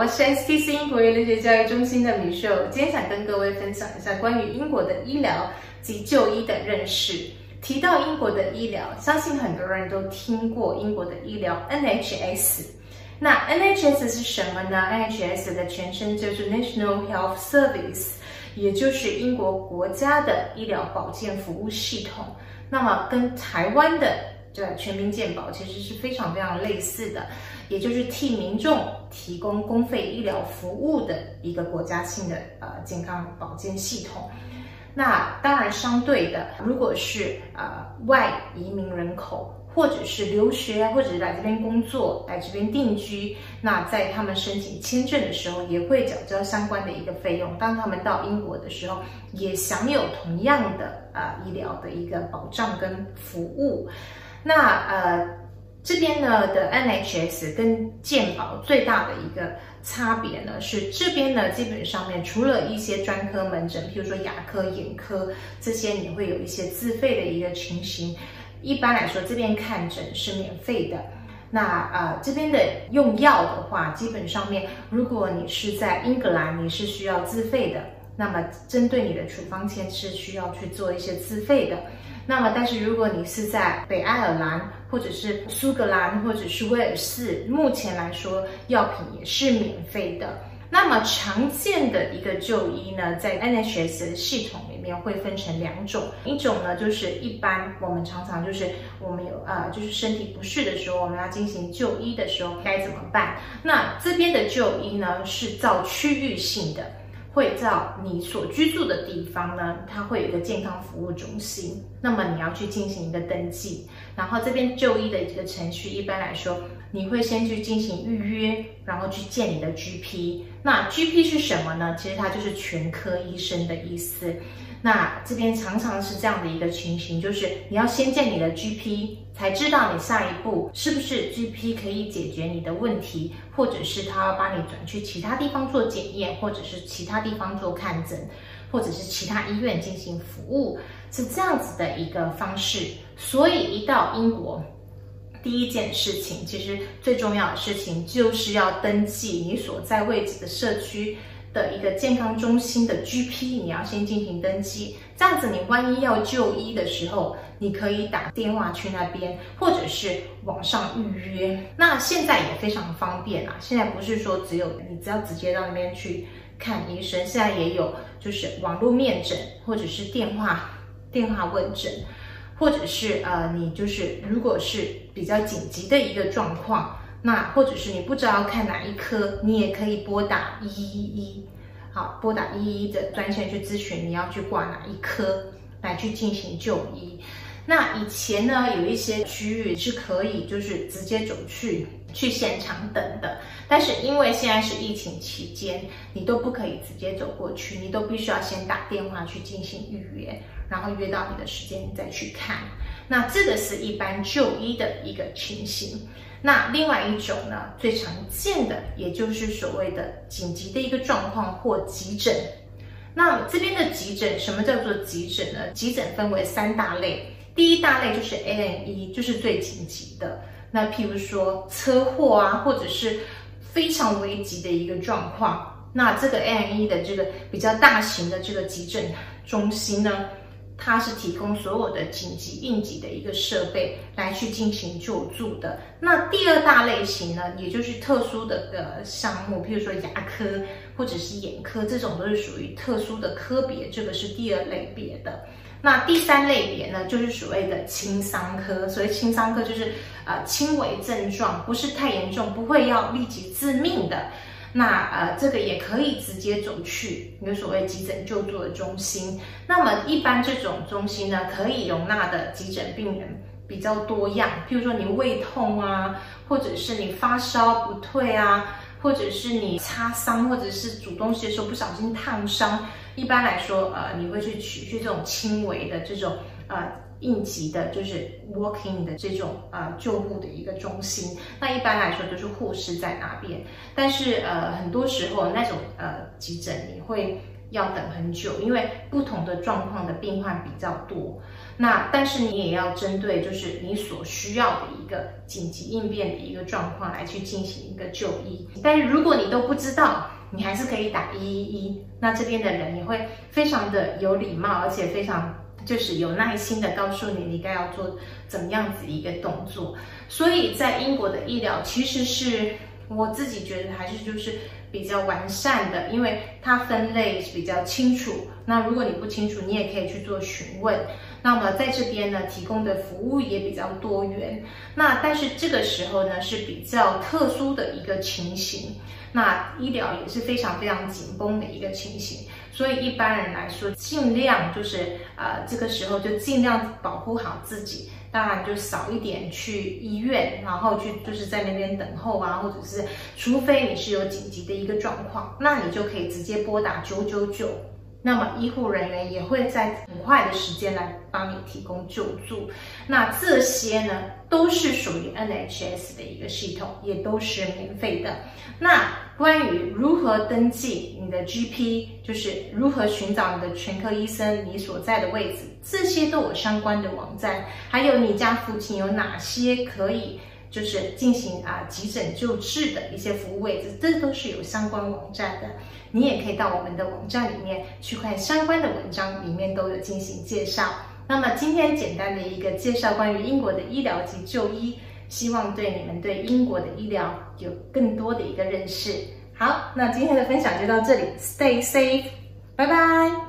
我是 STC 英國留學教育中心的李秀，今天想跟各位分享一下關於英國的醫療及就醫的認識。提到英國的醫療，相信很多人都聽過英國的醫療 NHS。那 NHS 是什麼呢？NHS 的全稱就是 National Health Service，也就是英國國家的醫療保健服務系統。那麼跟台灣的對，全民健保其實是非常非常類似的。也就是替民眾提供公費醫療服務的一個國家性的呃健康保健系統。那當然相對的，如果是呃外移民人口，或者是留學或者是來這邊工作、來這邊定居，那在他們申請簽證的時候也會繳交相關的一個費用。當他們到英國的時候，也享有同樣的呃醫療的一個保障跟服務。那呃。這邊呢的 NHS 跟健保最大的一個差別呢是，這邊呢基本上面除了一些專科門診，譬如說牙科、眼科這些，你會有一些自費的一個情形。一般來說，這邊看診是免費的。那呃，這邊的用藥的話，基本上面如果你是在英格蘭，你是需要自費的。那麼針對你的處方签是需要去做一些自費的，那麼但是如果你是在北愛爾蘭或者是蘇格蘭或者是威爾士，目前來說藥品也是免費的。那麼常見的一個就醫呢，在 NHS 的系統裡面會分成兩種，一種呢就是一般我們常常就是我們有呃就是身體不適的時候，我們要進行就醫的時候該怎麼辦？那這邊的就醫呢是照區域性的。會照你所居住的地方呢，它會有一個健康服務中心，那麼你要去進行一個登記，然後這邊就醫的一個程序，一般來說。你會先去進行預約，然後去見你的 GP。那 GP 是什麼呢？其實它就是全科醫生的意思。那這邊常常是這樣的一個情形，就是你要先見你的 GP，才知道你下一步是不是 GP 可以解決你的問題，或者是他要幫你轉去其他地方做檢驗，或者是其他地方做看診，或者是其他醫院進行服務，是這樣子的一個方式。所以一到英國。第一件事情，其實最重要的事情，就是要登記你所在位置的社區的一個健康中心的 GP，你要先進行登記，這樣子你萬一要就醫的時候，你可以打電話去那邊，或者是網上預約。那現在也非常方便啊，現在不是說只有，你只要直接到那邊去看醫生，現在也有，就是網絡面診或者是電話電話問診。或者是呃，你就是如果是比較緊急的一個狀況，那或者是你不知道看哪一科，你也可以撥打一一一，好，撥打一一一的專線去諮詢你要去掛哪一科來去進行就醫。那以前呢，有一些區域是可以就是直接走去。去現場等的，但是因為現在是疫情期間，你都不可以直接走過去，你都必須要先打電話去進行預約，然後約到你的時間你再去看。那這個是一般就醫的一個情形。那另外一種呢，最常見的也就是所謂的緊急的一個狀況或急診。那這邊的急診，什麼叫做急診呢？急診分為三大類，第一大類就是 A&E，就是最緊急的。那譬如說車禍啊，或者是非常危急的一個狀況，那這個 A&E 的這個比較大型的這個急診中心呢，它是提供所有的緊急應急的一個設備來去進行救助的。那第二大類型呢，也就是特殊的呃項目，譬如說牙科或者是眼科這種，都是屬於特殊的科別，這個是第二類別的。那第三類別呢，就是所謂的輕傷科。所謂輕傷科，就是呃輕微症狀，不是太嚴重，不會要立即致命的。那呃，這個也可以直接走去有所謂急診救助的中心。那麼一般這種中心呢，可以容納的急診病人比較多樣，譬如說你胃痛啊，或者是你發燒不退啊。或者是你擦傷，或者是煮東西的時候不小心燙傷，一般來說，呃，你會去取去這種輕微的這種呃應急的，就是 walk-in 的這種呃救護的一個中心。那一般來說都是護士在那邊，但是呃，很多時候那種呃急診你會。要等很久，因為不同的狀況的病患比較多。那但是你也要針對就是你所需要的一個緊急應變的一個狀況來去進行一個就醫。但是如果你都不知道，你還是可以打一一一，那這邊的人也會非常的有禮貌，而且非常就是有耐心的告訴你你該要做怎麼樣子一個動作。所以在英國的醫療，其實是我自己覺得還是就是。比較完善的，因為它分類是比較清楚。那如果你不清楚，你也可以去做詢問。那麼在這邊呢，提供的服務也比較多元。那但是這個時候呢，是比較特殊的一個情形。那醫療也是非常非常緊繃的一個情形。所以一般人來說，盡量就是呃這個時候就盡量保護好自己，當然就少一點去醫院，然後去就是在那邊等候啊，或者是除非你是有緊急的。一個狀況，那你就可以直接撥打九九九，那麼醫護人員也會在很快的時間來幫你提供救助。那這些呢，都是屬於 NHS 的一個系統，也都是免費的。那關於如何登記你的 GP，就是如何尋找你的全科醫生，你所在的位置，這些都有相關的網站，還有你家附近有哪些可以。就是進行啊急診救治的一些服務位置，這都是有相關網站的，你也可以到我們的網站裡面去看相關的文章，裡面都有進行介紹。那麼今天簡單的一個介紹關於英國的醫療及就醫，希望對你們對英國的醫療有更多的一個認識。好，那今天的分享就到這裡，Stay safe，拜拜。